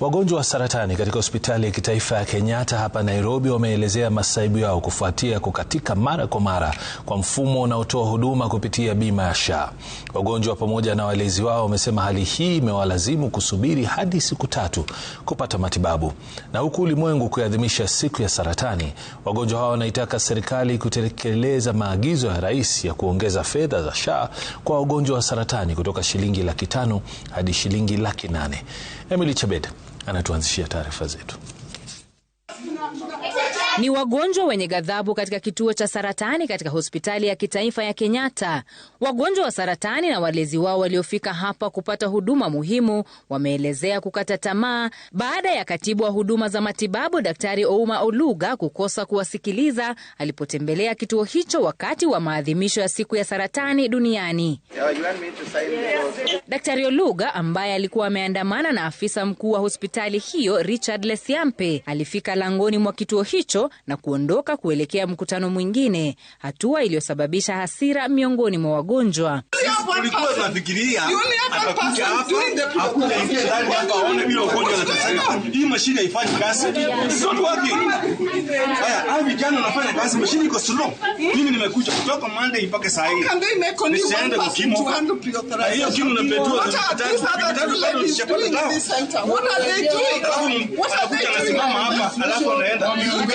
Wagonjwa wa saratani katika hospitali ya kitaifa ya Kenyatta hapa Nairobi wameelezea masaibu yao kufuatia kukatika mara kwa mara kwa mfumo unaotoa huduma kupitia bima ya SHA. Wagonjwa pamoja na walezi wao wamesema hali hii imewalazimu kusubiri hadi siku tatu kupata matibabu. Na huku ulimwengu kuadhimisha siku ya saratani, wagonjwa hao wanaitaka serikali kutekeleza maagizo ya rais ya kuongeza fedha za SHA kwa wagonjwa wa saratani kutoka shilingi laki tano hadi shilingi laki nane. Emily Chebet anatuanzishia taarifa zetu. Ni wagonjwa wenye ghadhabu katika kituo cha saratani katika hospitali ya kitaifa ya Kenyatta. Wagonjwa wa saratani na walezi wao waliofika hapa kupata huduma muhimu wameelezea kukata tamaa baada ya katibu wa huduma za matibabu Daktari Ouma Oluga kukosa kuwasikiliza alipotembelea kituo hicho wakati wa maadhimisho ya siku ya saratani duniani. Daktari Oluga ambaye alikuwa ameandamana na afisa mkuu wa hospitali hiyo Richard Lesiampe alifika langoni mwa kituo hicho moto na kuondoka kuelekea mkutano mwingine, hatua iliyosababisha hasira miongoni mwa wagonjwa.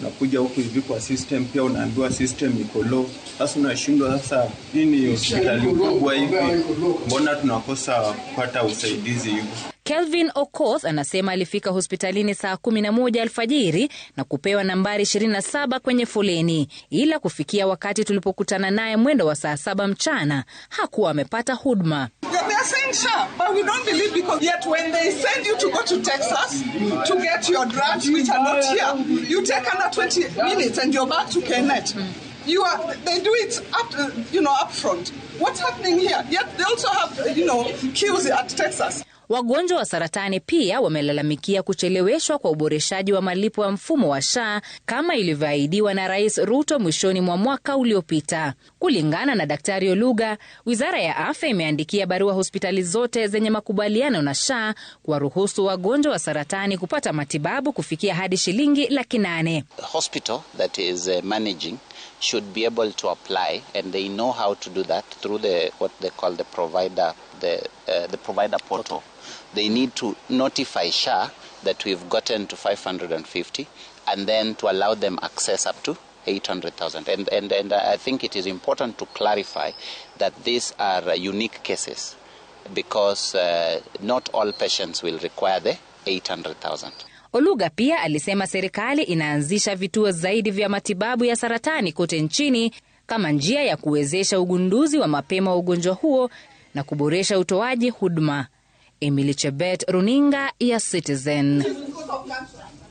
unakuja huku hivi kwa system pia unaambiwa system iko low. Sasa unashindwa sasa, nini hospitali kubwa hivi, mbona tunakosa kupata usaidizi hivi? Kelvin Okoth anasema alifika hospitalini saa 11 alfajiri na kupewa nambari 27 kwenye foleni, ila kufikia wakati tulipokutana naye mwendo wa saa saba mchana hakuwa amepata huduma. are saying sure, but we don't believe because yet when they send you to go to Texas to get your drugs, which are not oh, here, you take another 20 minutes and you're back to Kenneth. You are, they do it up, you know, up front. What's happening here? Yet they also have, you know, queues at Texas. Wagonjwa wa saratani pia wamelalamikia kucheleweshwa kwa uboreshaji wa malipo ya mfumo wa SHA kama ilivyoahidiwa na Rais Ruto mwishoni mwa mwaka uliopita. Kulingana na Daktari Oluga, wizara ya afya imeandikia barua hospitali zote zenye makubaliano na SHA kuwaruhusu wagonjwa wa saratani kupata matibabu kufikia hadi shilingi laki nane. should be able to apply, and they know how to do that through the what they call the provider the uh, the provider portal. Okay. They need to notify SHA that we've gotten to 550, and then to allow them access up to 800,000. And, and, and I think it is important to clarify that these are uh, unique cases because uh, not all patients will require the 800,000. Oluga pia alisema serikali inaanzisha vituo zaidi vya matibabu ya saratani kote nchini kama njia ya kuwezesha ugunduzi wa mapema wa ugonjwa huo na kuboresha utoaji huduma. Emily Chebet, runinga ya Citizen.